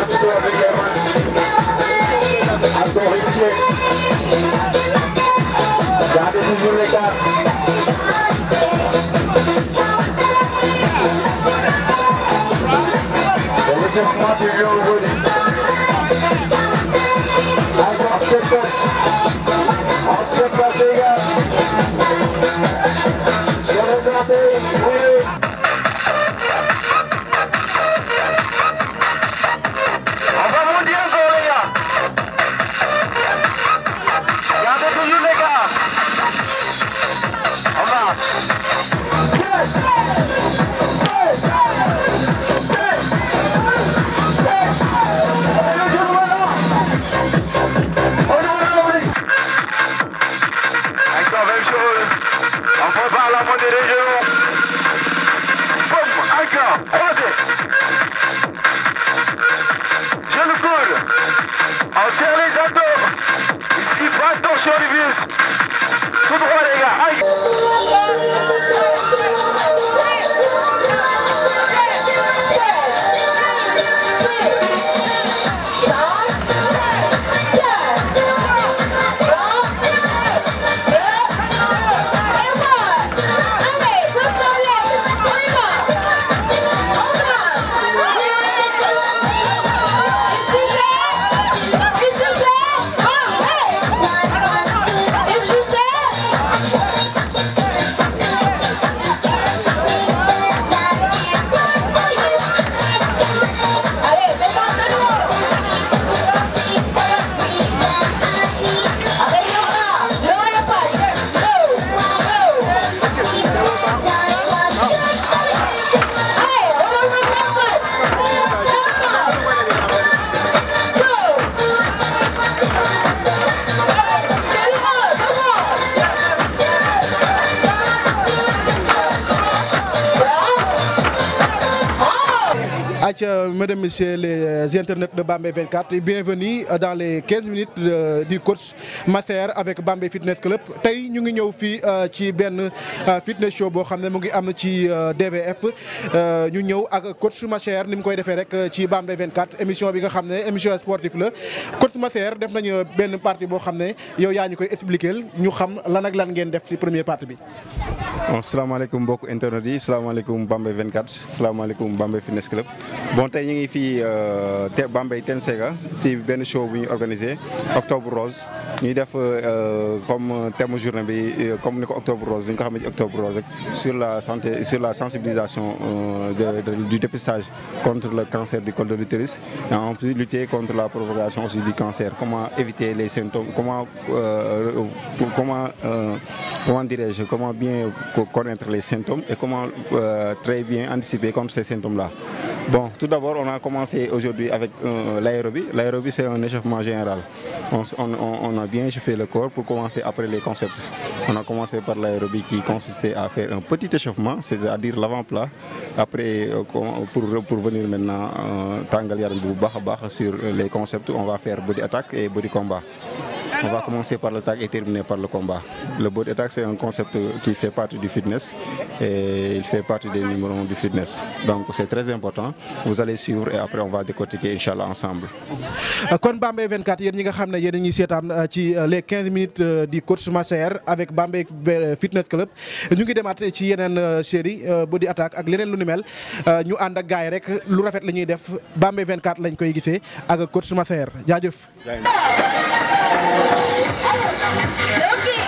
Let's go, Watch those shorty views. Look at all they got. Aïcha, mesdames, messieurs les euh, internautes de Bambay 24, bienvenue euh, dans les 15 minutes euh, du coach Master avec Bambay Fitness Club. tey ñu ngi ñëw fii ci benn fitness boo xam ne mu ngi am ci DVF ñu ñëw ak coach Master ni mu koy defee rek ci Bambay 24 émission bi nga xam ne émission sportive la coach Master def nañu benn partie boo xam ne yow yaa ñu koy expliquer ñu xam lan ak lan ngeen def ci premier partie bi. asalaamaaleykum mbokk internet yi asalaamaaleykum Bambay 24 asalaamaaleykum Bambay Fitness Club. bon tey ñu ngi fii euh, te Bambey Ten Sega ci benn show bu ñu organisé octobre rose ñuy def euh, comme thème journée bi euh, comme ni ko octobre rose ni nga ko xam ne octobre rose rek sur la santé sur la sensibilisation du dépistage contre le cancer du col de l'utérus et en plus lutter contre la propagation aussi du cancer comment éviter les symptômes comment comment comment dirais-je comment bien connaître les symptômes et comment très bien anticiper comme ces symptômes la Bon, tout d'abord, on a commencé aujourd'hui avec euh, l'aérobie. L'aérobie, c'est un échauffement général. On, on, on, a bien échauffé le corps pour commencer après les concepts. On a commencé par l'aérobie qui consistait à faire un petit échauffement, c'est-à-dire l'avant-plat. Après, euh, pour, pour, venir maintenant, euh, sur les concepts, on va faire body attaque et body combat. On va commencer par le tag e terminer par le combat. Le body tag, c'est un concept qui fait partie du fitness et il fait partie des numéros du fitness. Donc c'est très important. Vous allez suivre et après on va décortiquer Inch'Allah ensemble. Kon Bambey 24 yéen nga xam ne yéen a ngi seetaan euh, ci euh, les 15 minutes euh, du coach Massaer avec Bambey Fitness Club ñu ngi demaat ci yeneen série body attack ak leneen lu ni mel ñu ànd a gars yi rek lu rafet la ñuy def Bambey 24 lañ koy gisee ak coach Massaer jaajëf. Look it.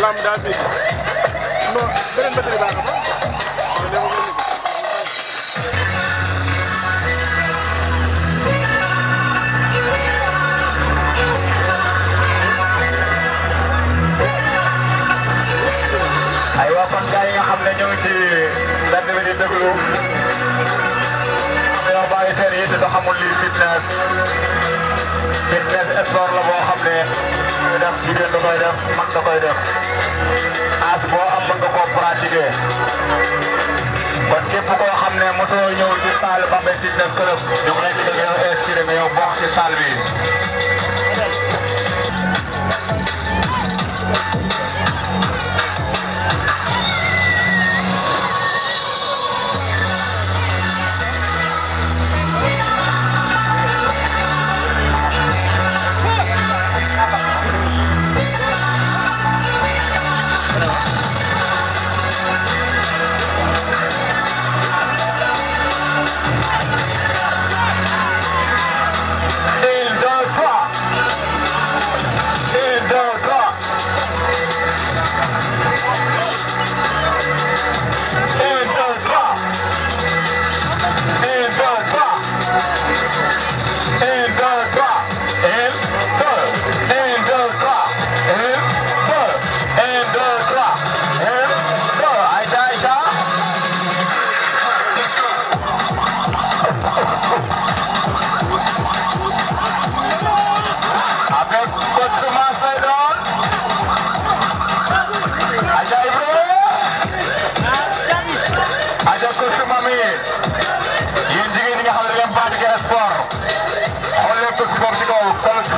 lamb daa béy non beneen bëtëri baax na fa fitness fitness sport la boo xam ne koy def jigéen da koy def mag da koy def as boo am mën nga koo pratiquer kon képp koo xam ne mosoo ñëw ci salle Bambey Fitness Club ñu ngi lay digal yow inscrire nga yow bokk ci salle bi.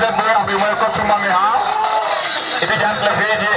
seen bu weex bi mooy costume moom mi ah étudiant la fii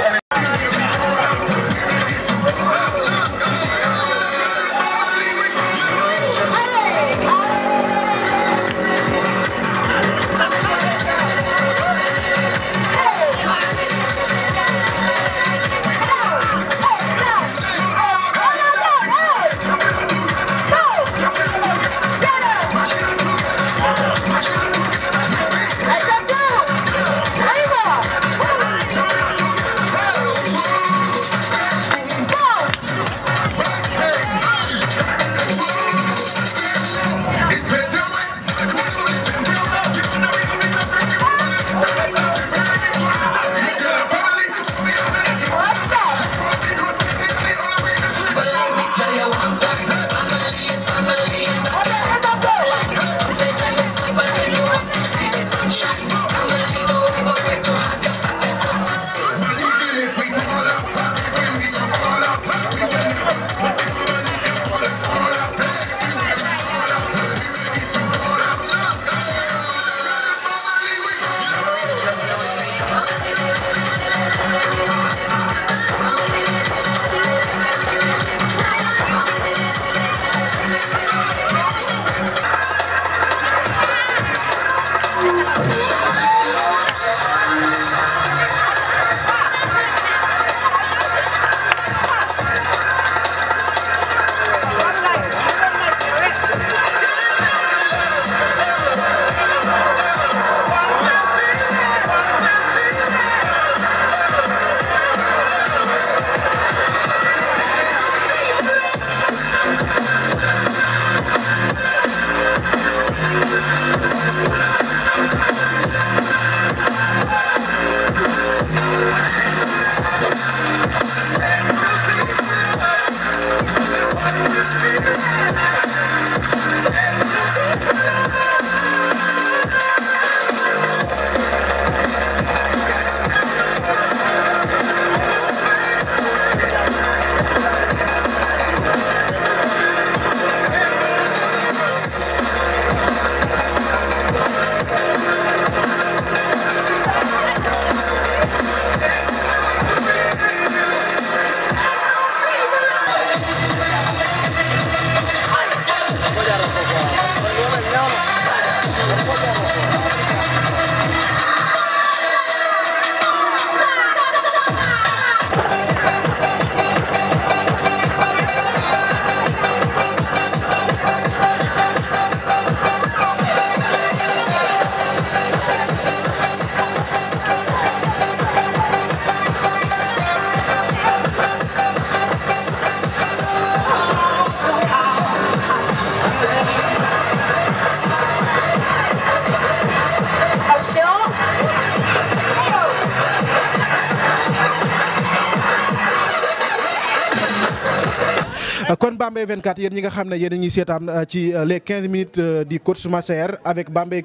Bambey 24 yéen ñi nga xam ne yéen ñuy seetaan euh, ci euh, les 15 minutes euh, du coach Massaer avec Bambey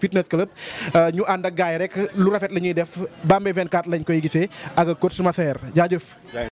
fitness club ñu ànd ak gars yi rek lu rafet la ñuy def Bambey 24 lañ koy gisee ak coach Massaer jaajëf.